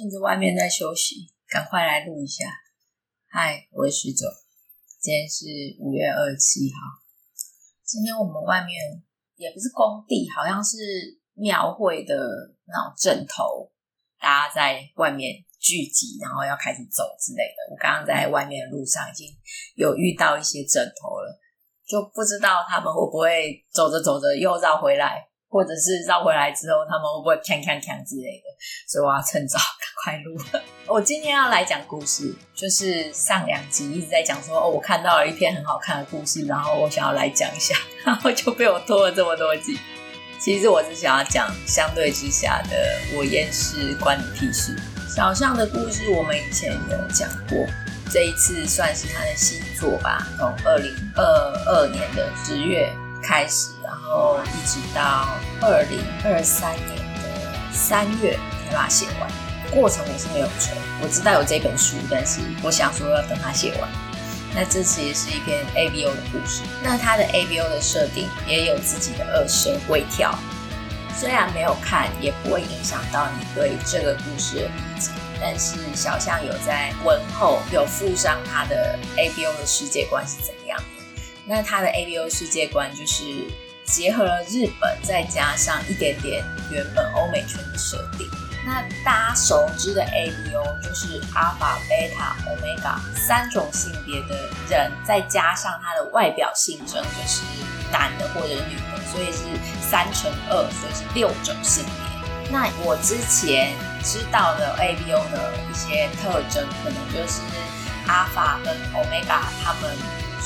趁着外面在休息，趕快來錄一下。嗨，我是徐總，今天是五月二十七號。今天我們外面也不是工地，好像是廟會的那種陣頭，大家在外面聚集，然後要開始走之類的。我剛剛在外面的路上已經有遇到一些陣頭了，就不知道他們會不會走着走着又繞回來。或者是繞回來之後，他們會不會看看看之類的？所以我要趁早趕快錄了。我今天要來講故事，就是上兩集一直在講說，哦，我看到了一篇很好看的故事，然後我想要來講一下，然後就被我拖了這麼多集。其實我是想要講相對之下的我厭世，關你屁事。小象的故事，我們以前也有講過，這一次算是他的新作吧，從二零二二年的十月開始。哦，一直到二零二三年的三月才把它寫完。過程我是沒有追，我知道有這本書，但是我想說要等它寫完。那這其實是一篇 A B O 的故事。那它的 A B O 的設定也有自己的二生微調。雖然沒有看，也不會影響到你對這個故事的理解。但是小象有在文後有附上它的 A B O 的世界觀是怎樣的。那它的 A B O 世界觀就是。結合了日本，再加上一點點原本歐美圈的設定。那大家熟知的 ABO 就是阿法、貝塔、歐 g a 三種性別的人，再加上他的外表性徵就是男的或者女的，所以是三乘二，所以是六種性別。那 Nice. 我之前知道的 ABO 的一些特徵，可能就是阿法 m 歐 g a 他們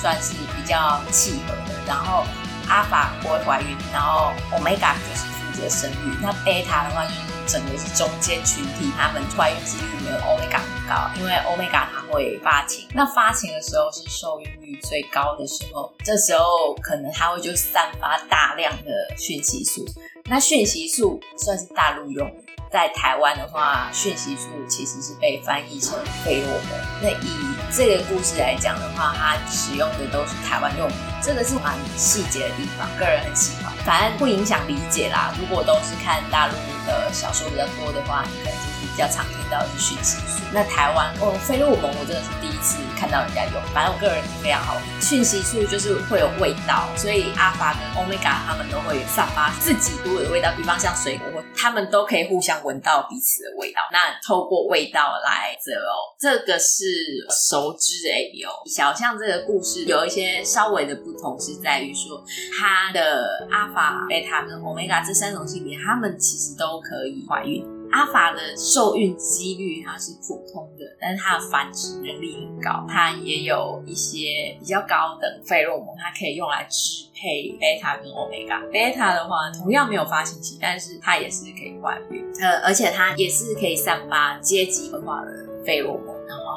算是比較契合的，然後，阿法不會懷孕，然後 Omega 就是負責生育。那貝塔的話，就是整個是中間群體，他們懷孕幾率沒有 Omega 高，因為 Omega 它會發情。那發情的時候是受孕率最高的時候，這時候可能它會就散發大量的訊息素。那訊息素算是大陸用的，在台灣的話，訊息素其實是被翻譯成費洛蒙，那一。這個故事來講的話，它、啊、使用的都是台灣用語，這個是蠻細節的地方，個人很喜歡，反正不影響理解啦。如果都是看大陸的小說比較多的話。你可以比較常聽到的是訊息素，那台灣哦，費洛蒙，我真的是第一次看到人家有。反正我個人是非常好，訊息素就是會有味道，所以阿法跟歐米伽他們都會散發自己獨有的味道，比方像水果，他們都可以互相聞到彼此的味道。那透過味道來擇偶，哦，這個是熟知的。哎呦。小象這個故事有一些稍微的不同，是在於說，他的阿法、貝塔跟歐米伽這三種性別，他們其實都可以懷孕。阿法的受孕幾率它是普通的，但是它的繁殖能力很高。它也有一些比較高的費洛蒙，它可以用來支配貝塔跟歐米伽。貝塔的話同樣沒有發情期，但是它也是可以懷孕，呃，而且它也是可以散發階級文化的費洛蒙。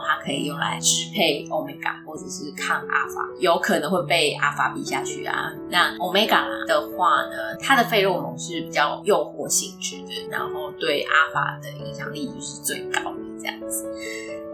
它、啊、可以用來支配 omega，或者是抗 alpha，有可能會被 alpha 比下去啊。那 omega 的話呢，它的費洛蒙是比較誘惑性質的，然後對 alpha 的影響力就是最高的這樣子。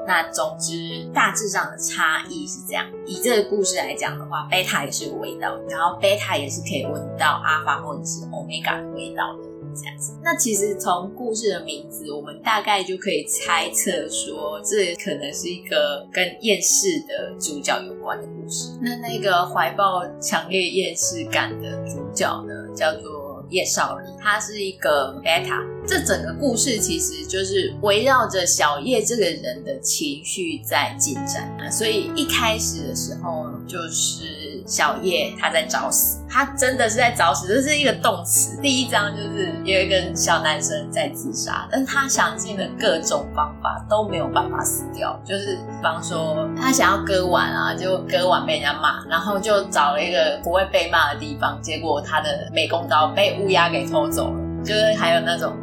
那總之大致上的差異是這樣。以這個故事來講的話，beta 也是有味道，然後 beta 也是可以聞到 alpha 或者是 omega 的味道的。這樣子，那其實從故事的名字，我們大概就可以猜測說，這可能是一個跟厭世的主角有關的故事。那那個懷抱強烈厭世感的主角呢，叫做葉紹黎，他是一個 beta。這整個故事其實就是圍繞着小葉這個人的情緒在進展啊，所以一開始的時候就是。小葉他在找死，他真的是在找死，這是一個動詞。第一章就是有一個小男生在自殺，但是他想盡了各種方法都沒有辦法死掉，就是比方說他想要割腕啊，就割腕被人家罵，然後就找了一個不會被罵的地方，結果他的美工刀被烏鴉給偷走了，就是還有那種。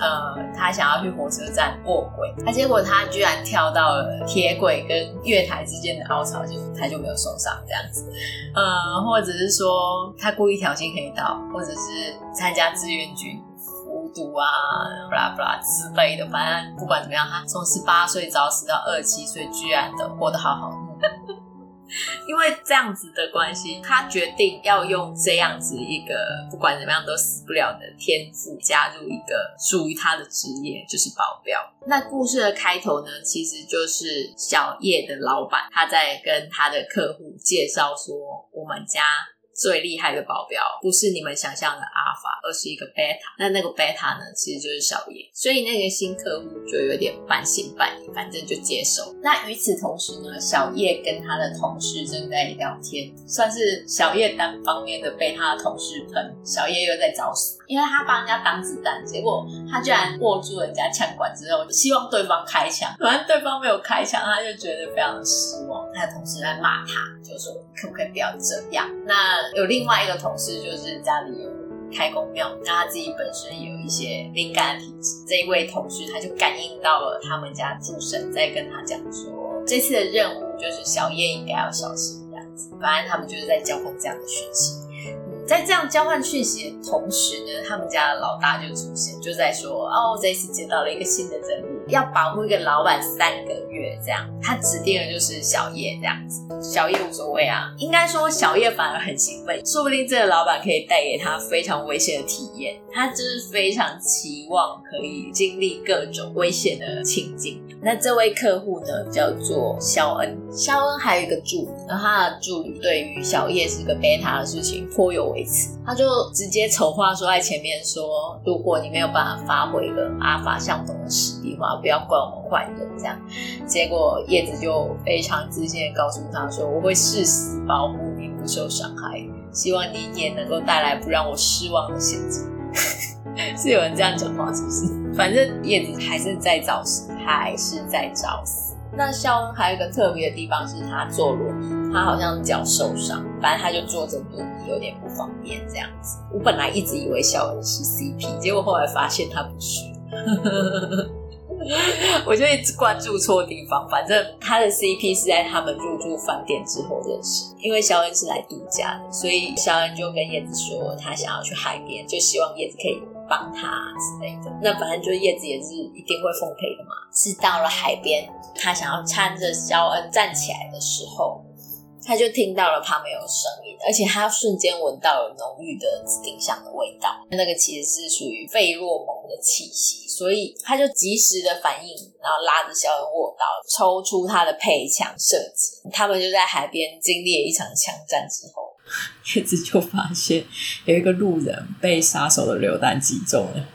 呃，他想要去火車站臥軌，他、啊、結果他居然跳到了鐵軌跟月台之間的凹槽，就他就沒有受傷這樣子。呃，或者是說他故意挑釁黑道，或者是參加志願軍服毒啊，不啦不啦之類的，反正不管怎麼樣，他從十八歲早死到二十七歲，居然都過得好好。因為這樣子的關係，他決定要用這樣子一個不管怎麼樣都死不了的天賦，加入一個屬於他的職業，就是保鏢。那故事的開頭呢，其實就是小葉的老板，他在跟他的客戶介紹說，我們家。最厲害的保鏢不是你們想象的阿爾法，而是一個貝塔。那那個貝塔呢，其實就是小葉。所以那個新客戶就有點半信半疑，反正就接受。那與此同時呢，小葉跟他的同事正在聊天，算是小葉單方面的被他的同事噴。小葉又在找死。因為他幫人家擋子彈，結果他居然握住人家槍管之後，希望對方開槍，反正對方沒有開槍，他就覺得非常的失望。他的同事在罵他，就說可不可以不要這樣。那有另外一個同事，就是家裡有開公廟，那他自己本身也有一些敏感的體質，這一位同事他就感應到了他們家主神在跟他講說，這次的任務就是小葉應該要小心這樣子。反正他們就是在交換這樣的訊息。在這樣交換訊息的同時呢，他們家的老大就出現，就在說哦，這次接到了一個新的任務，要保護一個老板三個月，這樣他指定的就是小葉這樣子。小葉無所謂啊，應該說小葉反而很興奮，說不定這個老板可以帶給他非常危險的體驗，他就是非常期望可以經歷各種危險的情景。那這位客戶呢，叫做肖恩。肖恩還有一個助理，那他的助理對於小葉是個 beta 的事情頗有微詞，他就直接醜話說在前面說，如果你沒有辦法發揮的阿法相同的實力的話，不要怪我們壞人這樣。結果葉子就非常自信的告訴他說，我會誓死保護你不受傷害，希望你也能夠帶來不讓我失望的選擇。 是有人這樣講話，是不是？反正葉子還是在找死，還是在找死。那肖恩還有一個特別的地方是，他坐輪，他好像腳受傷，反正他就坐着輪椅有點不方便這樣子。我本來一直以為肖恩是 CP，結果後來發現他不是， 我就一直關注錯地方。反正他的 CP 是在他們入住飯店之後認識，因為肖恩是來度假的，所以肖恩就跟葉子說，他想要去海邊，就希望葉子可以。幫他之類的，那反正就葉子也是一定會奉陪的嘛。是到了海邊，他想要攙着肖恩站起來的時候，他就聽到了旁邊有聲音，而且他瞬間聞到了濃郁的紫丁香的味道。那個其實是屬於費洛蒙的氣息，所以他就及時的反應，然後拉着肖恩臥倒，抽出他的配槍射擊。他們就在海邊經歷了一場槍戰之後。葉 子就發現有一個路人被殺手的榴彈擊中了，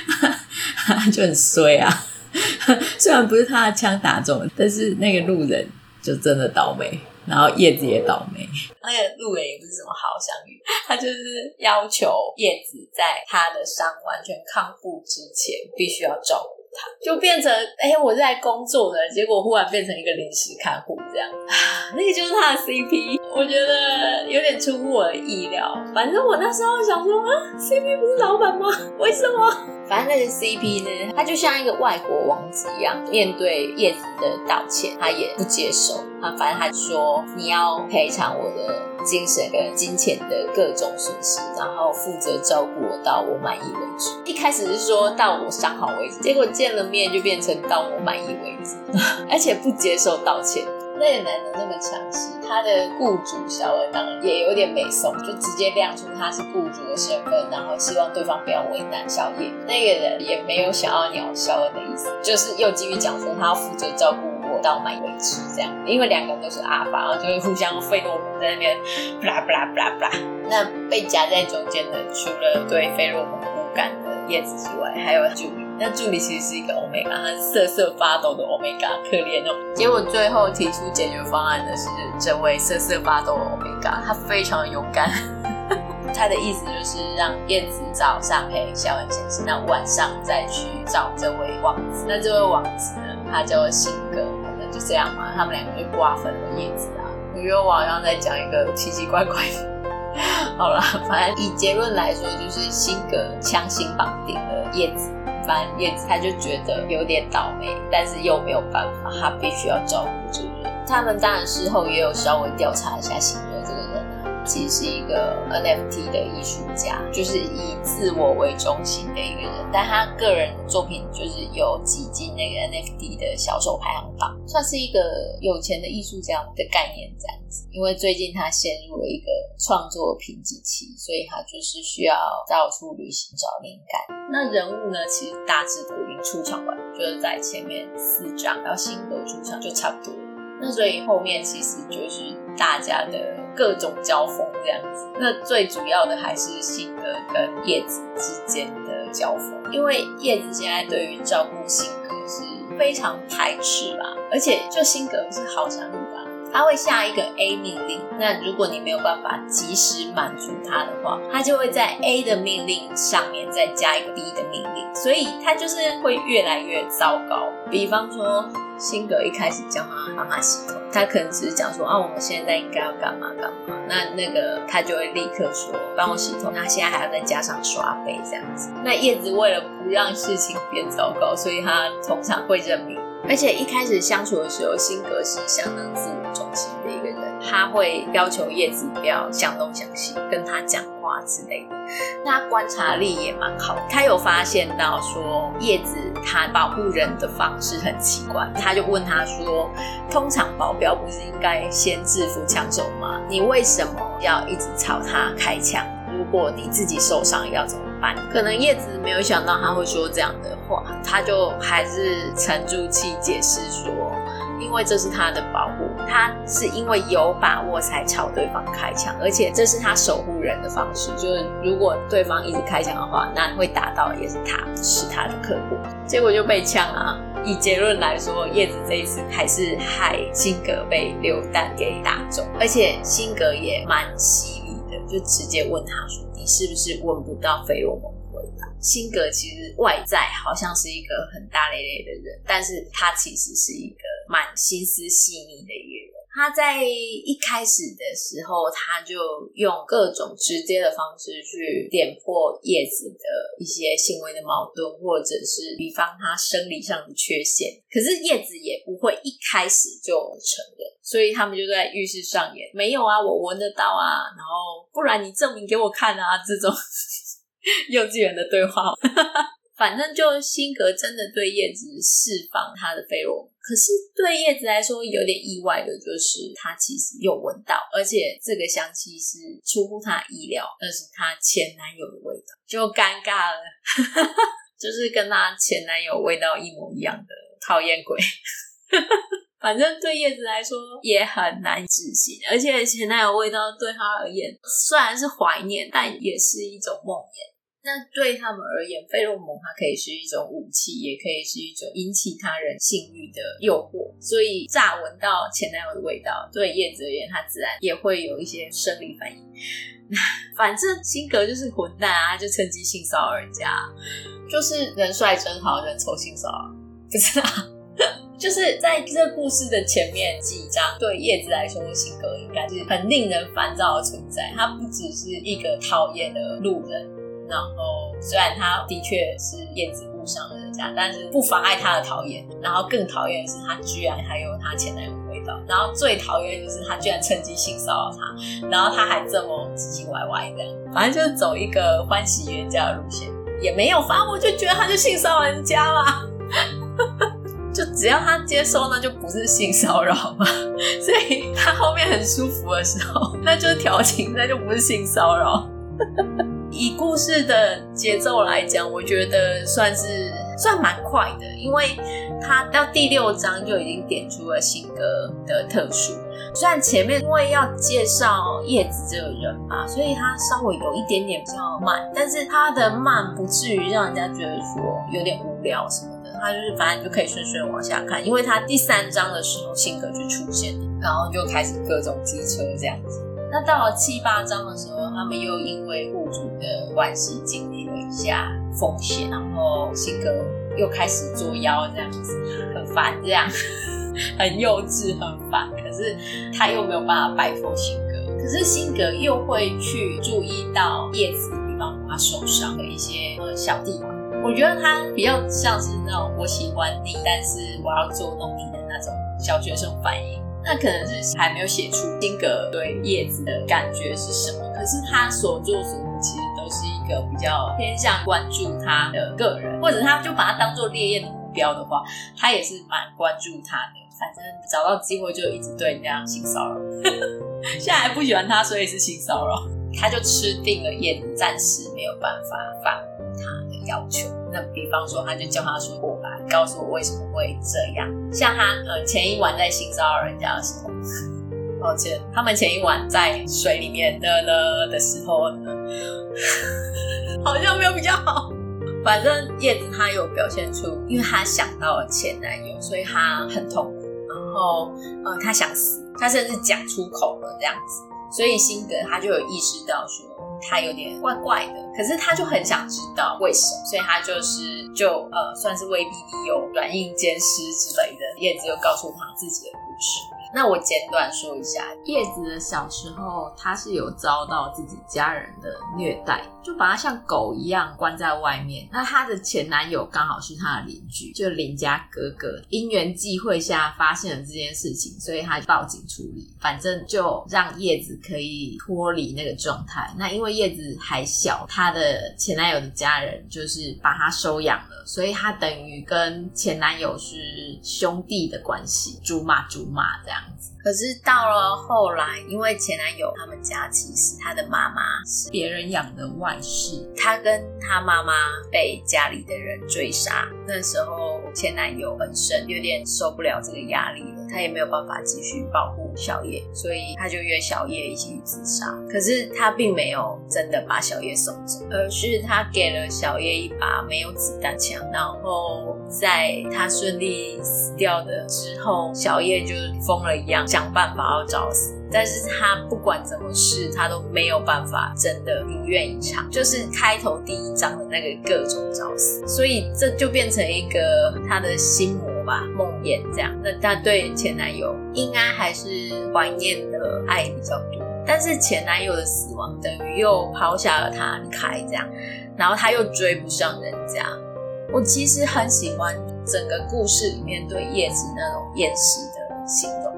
就很衰啊。 雖然不是他的槍打中，但是那個路人就真的倒霉，然後葉子也倒霉。那個路人也不是什麼好相遇，他就是要求葉子在他的傷完全康復之前必須要走。就變成哎、欸，我在工作的結果忽然變成一個臨時看護這樣，啊，那個就是他的 CP，我覺得有點出乎我的意料。反正我那時候想說啊，CP 不是老闆嗎？為什麼？反正那個 CP 呢，他就像一個外國王子一樣，面對葉子的道歉，他也不接受。他反正他就說，你要賠償我的精神跟金錢的各種損失，然後負責照顧我到我滿意為止。一開始是說到我傷好為止，結果見了面就變成到我滿意為止，而且不接受道歉。那個男的那麼強勢，他的雇主小葉當然也有點沒慫，就直接亮出他是雇主的身份，然後希望對方不要為難小葉。那個人也沒有想要鳥小葉的意思，就是又繼續講說他要負責照顧我到滿為止這樣，因為兩個人都是 Alpha，就是互相費洛蒙在那邊，布拉布拉布拉布拉。那被夾在中間的，除了對費洛蒙。葉子之外，還有助理。那助理其實是一個歐米伽，他瑟瑟發抖的歐米伽可憐哦。結果最後提出解決方案的是這位瑟瑟發抖的歐米伽，他非常勇敢。他 的意思就是讓葉子早上陪小文先生，那晚上再去找這位王子。那這位王子呢，他叫做性哥，可能就這樣嘛。他們兩個就瓜分了葉子啊。我覺得我好像在講一個奇奇怪怪。 好啦，反正以結論來說，就是辛格強行綁定了葉子。反正葉子他就覺得有點倒霉，但是又沒有辦法，他必須要照顧這個人。他們當然事後也有稍微調查一下其實是一個 NFT 的藝術家，就是以自我為中心的一個人，但他個人作品就是有擠進那個 NFT 的銷售排行榜，算是一個有錢的藝術家的概念這樣子。因為最近他陷入了一個創作瓶頸期，所以他就是需要到處旅行找靈感。那人物呢，其實大致都已經出場完，就是在前面四章，然後新歌出場就差不多。那所以後面其實就是大家的。各種交鋒這樣子，那最主要的還是辛格跟葉子之間的交鋒，因為葉子現在對於照顧辛格是非常排斥吧，而且就辛格是好像他會下一個 A 命令，那如果你沒有辦法及時滿足他的話，他就會在 A 的命令上面再加一個 B 的命令，所以他就是會越來越糟糕。比方說，辛格一開始叫他媽媽洗頭，他可能只是講說啊，我們現在應該要幹嘛幹嘛，那那個他就會立刻說幫我洗頭，那現在還要再加上刷杯這樣子。那葉子為了不讓事情變糟糕，所以他通常會認命。而且一開始相處的時候，性格是相當自我中心的一個人，他會要求葉子不要向東向西，跟他講話之類的。那觀察力也蠻好，他有發現到說葉子他保護人的方式很奇怪，他就問他說：“通常保鏢不是應該先制服槍手嗎？你為什麼要一直朝他開槍？如果你自己受傷要怎麼？”可能葉子沒有想到他會說這樣的話，他就還是沉住氣解釋說，因為這是他的保護，他是因為有把握才朝對方開槍，而且這是他守護人的方式，就是如果對方一直開槍的話，那會打到也是他，是他的客戶。結果就被嗆了，啊。以結論來說，葉子這一次還是害辛格被榴彈給打中，而且辛格也蠻惜。就直接問他說：“你是不是聞不到費洛蒙？回答、啊、性格其實外在好像是一個很大咧咧的人，但是他其實是一個蠻心思細膩的一個。他在一開始的時候，他就用各種直接的方式去點破葉子的一些行為的矛盾，或者是比方他生理上的缺陷。可是葉子也不會一開始就承認，所以他們就在浴室上演：沒有啊，我聞得到啊，然後不然你證明給我看啊。這種 幼稚園的對話， 反正就辛格真的對葉子釋放他的費洛。可是對葉子來說有點意外的就是，她其實有聞到，而且這個香氣是出乎她意料，那是她前男友的味道，就尷尬了， 就是跟她前男友味道一模一樣的討厭鬼。 反正對葉子來說也很難置信，而且前男友味道對她而言，雖然是懷念，但也是一種夢魘。那對他們而言，費洛蒙它可以是一種武器，也可以是一種引起他人性慾的誘惑。所以，乍聞到前男友的味道，對葉子而言，他自然也會有一些生理反應。 反正性格就是混蛋啊，就趁機性騷擾人家，就是人帥真好，人醜性騷擾，不知道，就是在這故事的前面幾章，對葉子來說，性格應該是很令人煩躁的存在。他不只是一個討厭的路人。然後，雖然他的確是燕子誤傷了人家，但是不妨礙他的討厭。然後更討厭的是，他居然還有他前男友的味道，然後最討厭的就是他居然趁機性騷擾他。然後他還這麼唧唧歪歪的，反正就是走一個歡喜冤家的路線。也沒有，反正我就覺得他就性騷擾人家啦， 就只要他接受，那就不是性騷擾嘛。所以他後面很舒服的時候，那就是調情，那就不是性騷擾。 以故事的節奏來講，我覺得算是算蠻快的，因為他到第六章就已經點出了性格的特殊。雖然前面因為要介紹葉子這個人嘛，所以他稍微有一點點比較慢，但是他的慢不至於讓人家覺得說有點無聊什麼的。他就是反正你就可以順順往下看，因為他第三章的時候性格就出現了，然後就開始各種機車這樣子。那到了七八章的時候，他們又因為霧族的關係經歷了一下風險，然後性格又開始作妖，這樣子很煩，這樣很幼稚，很煩。可是他又沒有辦法擺脫性格，可是性格又會去注意到葉子，比方說他受傷的一些呃小地方。我覺得他比較像是那種我喜歡你，但是我要捉弄你的那種小學生反應。那可能是還沒有寫出金格對葉子的感覺是什麼，可是他所做什麼其實都是一個比較偏向關注他的個人，或者他就把他當做烈焰的目標的話，他也是蠻關注他的。反正找到機會就一直對人家那樣性騷擾， 現在還不喜歡他，所以是性騷擾。他就吃定了葉子，暫時沒有辦法反駁他的要求。比方說，他就叫他說：“我來告訴我為什麼會這樣。”像他呃，前一晚在性騷擾人家的時候，抱歉，他們前一晚在水裡面的呢的時候呢，好像沒有比較好。反正葉子他有表現出，因為他想到了前男友，所以他很痛苦。然後呃，他想死，他甚至講出口了這樣子。所以心格他就有意識到說。他有點怪怪的，可是他就很想知道為什麼，所以他就是就呃，算是威逼利誘、軟硬兼施之類的，也只有告訴他自己的故事。那我簡短說一下，葉子的小時候，他是有遭到自己家人的虐待，就把他像狗一樣關在外面。那他的前男友剛好是他的鄰居，就鄰家哥哥，因緣際會下發現了這件事情，所以他報警處理，反正就讓葉子可以脫離那個狀態。那因為葉子還小，他的前男友的家人就是把他收養了，所以他等於跟前男友是兄弟的關係，竹馬竹馬這樣。可是到了後來，因為前男友他們家其實他的媽媽是別人養的外室，他跟他媽媽被家裡的人追殺，那時候。前男友本身，有點受不了這個壓力了，他也沒有辦法繼續保護小葉，所以他就約小葉一起去自殺。可是他並沒有真的把小葉送走，而是他給了小葉一把沒有子彈槍。然後在他順利死掉的之後，小葉就瘋了一樣，想辦法要找死。但是他不管怎麼試，他都沒有辦法真的如願以償。就是開頭第一章的那個各種找死，所以這就變成一個他的心魔吧，夢魘這樣。那他對前男友應該還是懷念的愛比較多，但是前男友的死亡等於又拋下了他離開這樣，然後他又追不上人家。我其實很喜歡整個故事裡面對葉子那種厭世的。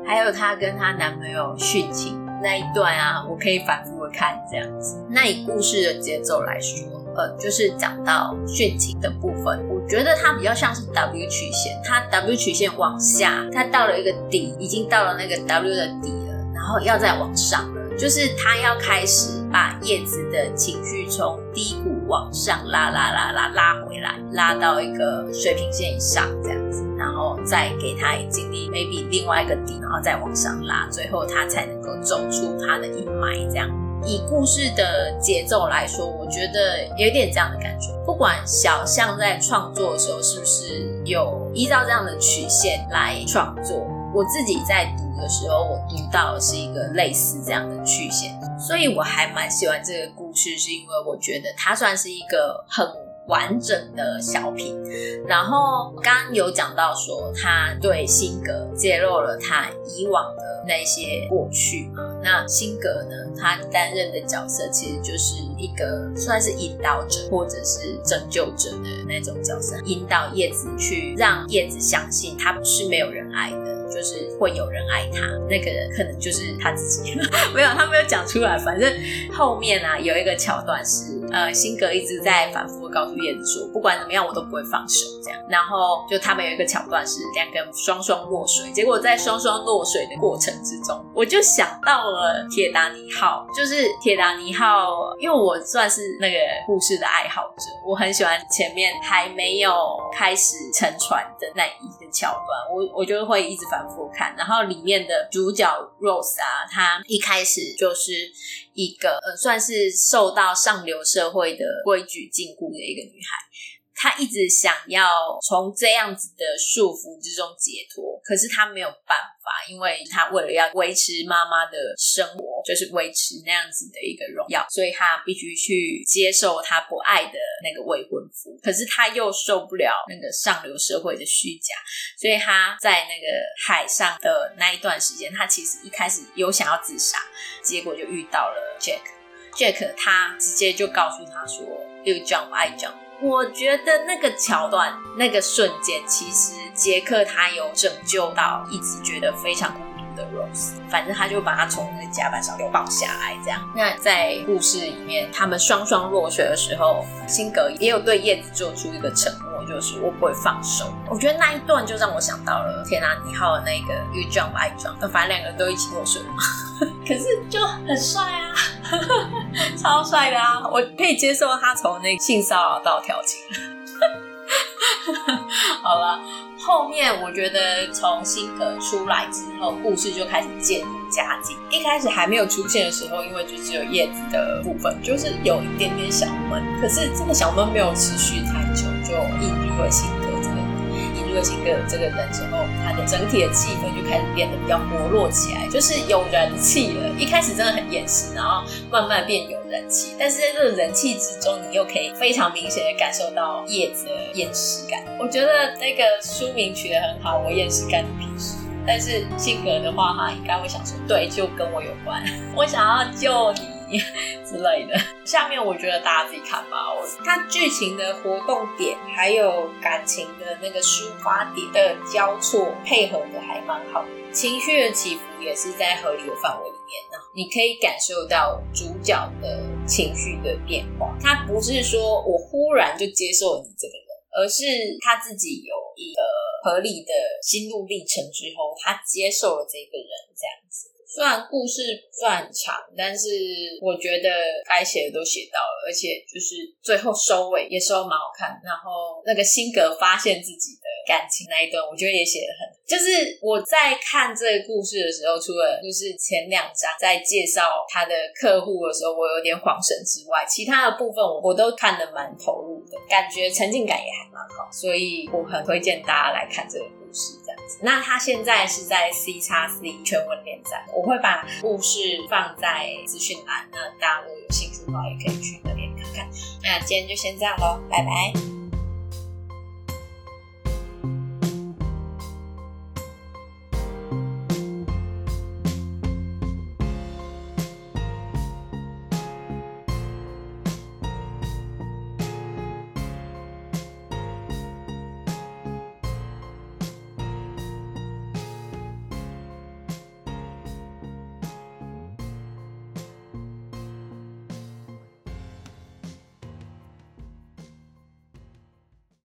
還有她跟她男朋友殉情那一段啊，我可以反復的看這樣子。那以故事的節奏來說，呃，就是講到殉情的部分，我覺得他比較像是 W 曲線，他 W 曲線往下，他到了一個底，已經到了那個 W 的底了，然後要再往上了，就是他要開始把葉子的情緒從低谷往上拉，拉，拉，拉，拉，拉回來，拉到一個水平線以上這樣子。再給他一經歷 maybe 另外一個底，然後再往上拉，最後他才能夠走出他的陰霾。這樣以故事的節奏來說，我覺得有點這樣的感覺。不管小象在創作的時候是不是有依照這樣的曲線來創作，我自己在讀的時候，我讀到的是一個類似這樣的曲線，所以我還蠻喜歡這個故事，是因為我覺得它算是一個很。完整的小品，然後剛剛有講到說他對辛格揭露了他以往的那些過去嘛，那辛格呢，他擔任的角色其實就是一個算是引導者或者是拯救者的那種角色，引導葉子去讓葉子相信他不是沒有人愛的。就是會有人愛他，那個人可能就是他自己， 沒有，他沒有講出來。反正後面啊，有一個橋段是，呃，辛格一直在反複告訴葉子說，不管怎麼樣，我都不會放手這樣。然後就他們有一個橋段是，兩個人雙雙落水，結果在雙雙落水的過程之中，我就想到了鐵達尼號，就是鐵達尼號，因為我算是那個故事的愛好者，我很喜歡前面還沒有開始沉船的那一個橋段，我我就會一直反。反覆看，然後裡面的主角 Rose 啊，她一開始就是一個，呃，算是受到上流社會的規矩禁錮的一個女孩。他一直想要從這樣子的束縛之中解脫，可是他沒有辦法，因為他為了要維持媽媽的生活，就是維持那樣子的一個榮耀，所以他必須去接受他不愛的那個未婚夫。可是他又受不了那個上流社會的虛假，所以他在那個海上的那一段時間，他其實一開始有想要自殺，結果就遇到了 Jack。Jack 他直接就告訴他說：“You jump, I j u 我覺得那個橋段，那個瞬間，其實傑克他有拯救到一直覺得非常孤獨的 Rose，反正他就把他從那個甲板上給抱下來，這樣。那在故事裡面，他們雙雙落水的時候，辛格也有對葉子做出一個承諾，就是我不會放手。我覺得那一段就讓我想到了鐵達尼號的那個 You jump, I jump，反正兩個人都一起落水嘛， 可是就很帥啊。 超帥的啊！我可以接受他從那個性騷擾到調情。 好了，後面我覺得從新格出來之後，故事就開始漸入佳境。一開始還沒有出現的時候，因為就只有葉子的部分，就是有一點點小悶。可是這個小悶沒有持續太久，就引入了新。這個這個人之後，他的整體的氣氛就開始變得比較薄弱起來，就是有人氣了。一開始真的很厭世，然後慢慢變有人氣，但是在這個人氣之中，你又可以非常明顯的感受到葉子的厭世感。我覺得那個書名取得很好，我厭世干你屁事。但是性格的話，他應該會想說，對，就跟我有關，我想要救你。 之類的，下面我覺得大家自己看吧。我他劇情的活動點，還有感情的那個抒發點的交錯配合的還蠻好，情緒的起伏也是在合理的範圍裡面。你可以感受到主角的情緒的變化，他不是說我忽然就接受你這個人，而是他自己有一個合理的心路歷程之後，他接受了這個人這樣子。雖然故事不算很長，但是我覺得該寫的都寫到了，而且就是最後收尾也收得蠻好看。然後那個辛格發現自己的感情那一段，我覺得也寫的很。就是我在看這個故事的時候，除了就是前兩章在介紹他的客戶的時候，我有點晃神之外，其他的部分我我都看得蠻投入的，感覺沉浸感也還蠻好，所以我很推薦大家來看這個。這樣子，那他現在是在 CXC 全文連載，我會把故事放在資訊欄，那大家如果有興趣的話也可以去那邊看看。那今天就先這樣咯，拜拜。